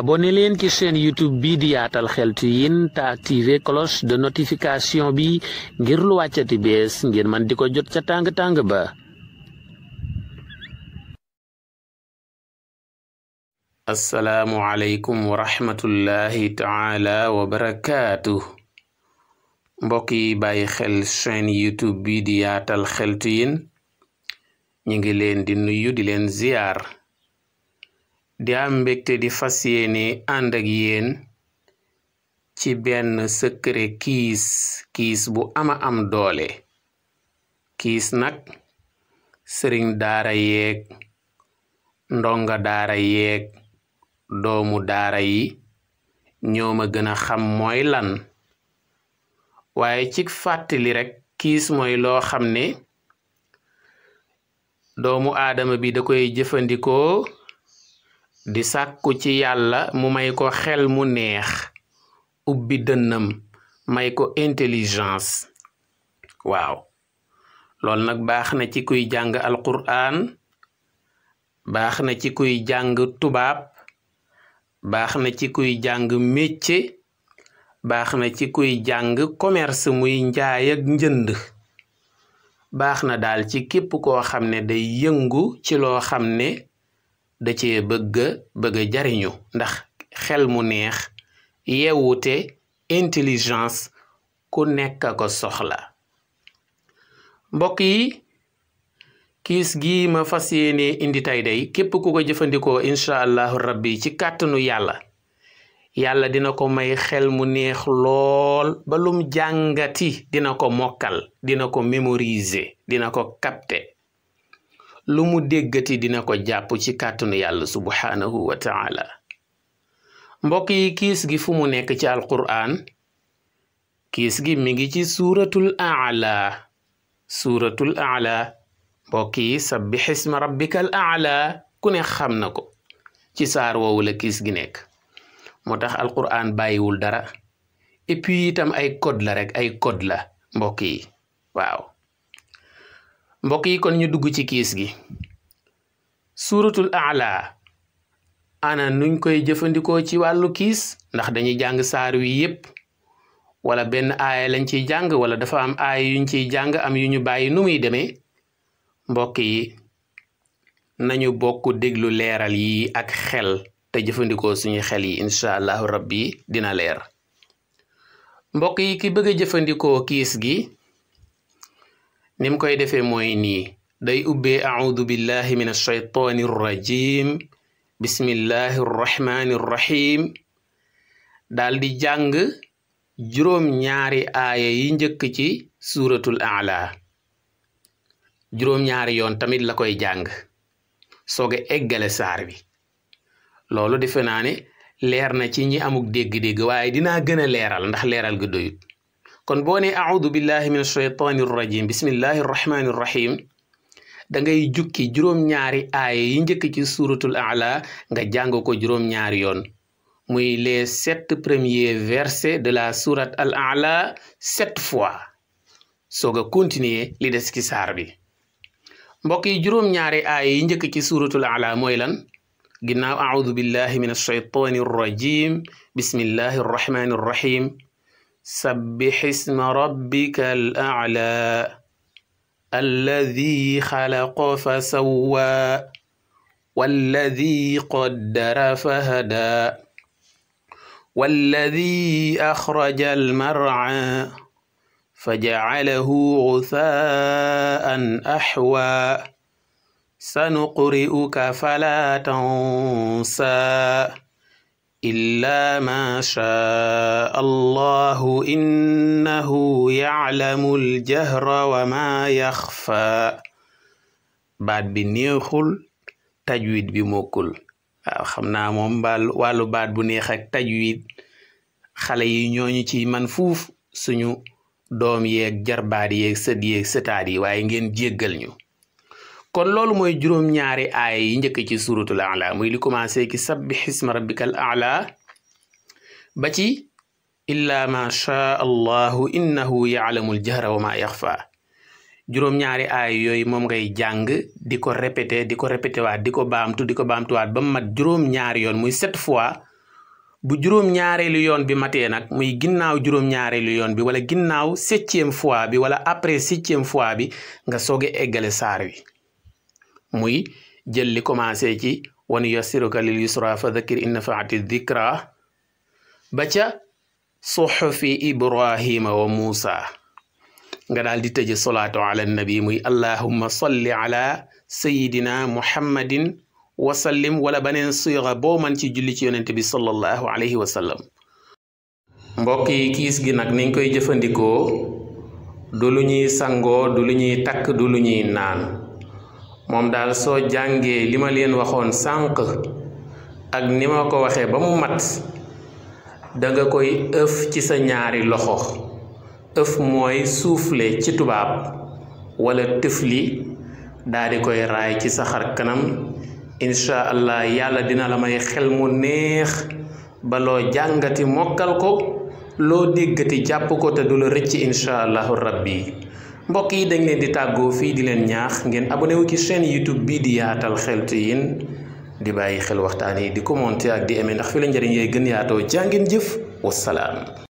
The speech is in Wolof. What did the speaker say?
abonné leen ci chaîne youtube bi di yaatal xeltu yin te activé cloche de notification bi ngir lu wàccati bees ngir man di ko jot ca tàng-tàng ba asalaamu aleykum wa rahmatullahi taala wa barakaatu mbokk yi bàyyi xel chaîne youtube bi di yaatal xeltu yin ñu ngi leen di nuyu di leen ziyaar di am mbégte di fas yéene ànd yéen ci benn secret kiis kiis bu ama am doole kiis nag sëriñ daara yeeg ndonga daara yeeg doomu daara yi ñooma gën a xam mooy lan waaye ci fàttali rekk kiis mooy loo xam ne doomu aadama bi da koy jëfandikoo di sàkku ci yàlla mu may ko xel mu neex ubbi dënnam may ko intelligence waaw lool nag baax na ci kuy jàng alquran baax na ci kuy jàng tubaab baax na ci kuy jàng métier baax na ci kuy jàng commerce muy njaay ak njënd baax na daal ci képp koo xam ne day yëngu ci loo xam ne da cee bëgg a bëgg jariñu ndax xel mu neex yeewute intelligence ku nekk a ko soxla mbokk yi kiis gii ma fas yéene indi tay day képp ku ko jëfandikoo incha allahu rabbi ci kàttanu yàlla yàlla dina ko may xel mu neex lool ba lum jàngati dina ko mokkal dina ko mémoriser dina ko capter lu mu déggati dina ko jàpp ci kàttanu yàlla subhaanahu wa taala mbokk yi kiis gi fu mu nekk ci alqur'aan kiis gi mi ngi ci suuratul aala suuratul aala mbokk yi sabbix isma rabbikal aala ku ne xam na ko ci saar woowu kiis gi nekk moo tax alqur'aan bàyyiwul dara et itam ay code la rek ay code la mbokk yi waaw mbokk yi kon ñu dugg ci kiis gi suuratul aala ana nuñ koy jëfandikoo ci wàllu kiis ndax dañuy jàng saar wi yépp wala benn aaya lañ ciy jàng wala dafa am aaya yuñ ciy jàng am yu ñu bàyyi nu muy demee mbokk yi nañu bokk déglu leeral yi ak xel te jëfandikoo suñu xel yi incha allahu rabbi dina leer mbokk yi ki bëgg jëfandikoo kiis gi nim koy defee mooy nii day ubbee audu billahi min alshaytaani arrajim bismillahi arrahmani arrahim daal di jàng juróom ñaari aaya yi njëkk ci suuratul ala juróom ñaari yoon tamit la koy jàng soog a eggale saar bi loolu defe naa ne leer na ci ñi amuk dégg-dégg waaye dinaa gën a leeral ndax leeral ga doyut kon boo nee audu billahi min ashaytaani rajim bismillahi arrahmani irrahim da ngay jukki juróom-ñaari aaya yi njëkk ci suratul ala nga jàng ko juróom-ñaari yoon muy les sept premier versets de la sourate al ala sept fois soog a continuer li des ci saar bi mbokk yi juróom-ñaari aaya yi njëkk ci suratul ala mooy lan ginnaaw audu billahi min ashaytaani arrajim bismillahi arrahmani irrahim sabbix isma rabbika al aclaa alladi xalaqa fa sawwaa walladi qaddara fa hadaa walladi axraja al marcaa fa jacalahu gusaan axwaa sanuqri'uka falaa tansaa إلا ما شاء الله إنه يعلم الجهر وما يخفى baat bi neexul tajwid bi mokkul waaw xam naa moom baal wàllu baat bu neex ak tajwid xale yi ñooñu ci man fuuf suñu doom yeeg jarbaat yeeg sët yeeg sëtaat yi waaye ngeen jéggal ñu kon loolu mooy juróom-ñaari aaya yi njëkk ci suratul ala muy li commencé ki sabbih isma rabbikal ala ba ci illaa maa shaa allahu innahu yaalamul jahra wa maa yaxfa juróom-ñaari aaya yooyu moom ngay jàng di ko répété di ko répété waat di ko baamtu di ko baamtuwaat bam mat juróom-ñaari yoon muy sept fois bu juróom-ñaareelu yoon bi matee nag muy ginnaaw juróom-ñaareelu yoon bi wala ginnaaw septième fois bi wala après septième fois bi nga sooge eggale saar wi muy jël li commencé ci wan yassiruka lil yusra fa dhakkir in nafaati dhikra ba ca suxufi ibrahima wa nga daal di tëje solaatu ala nabi muy allahumma salli ala sayidina muhammadin wasallim wala baneen suyra boo man ci julli ci yonente bi sallallahu alayhi wa sallam mbokk yi kiis gi nag niñ koy jëfandikoo du lu ñuy sangoo du lu ñuy lu ñuy naan moom daal soo jàngee li ma leen waxoon sànq ak ni ma ko waxee ba mu mat danga koy ëf ci sa ñaari loxo ëf mooy soufflé ci tubaab wala tëfli daal di koy raay ci sa xar kanam incha allah yàlla dina la may xel mu neex ba loo jàngati mokkal ko loo déggati jàpp ko te du la rëcc incha allahu rabbi mbokk yi dañ leen di tàggoo fii di leen ñaax ngeen abonné wu ci chaîne YouTube bii di yaatal xeltu yin di bàyyi xel waxtaan yi di commenter ak di aimer ndax fi la njëriñ yee gën yaatoo jaa ngeen jëf wasalaam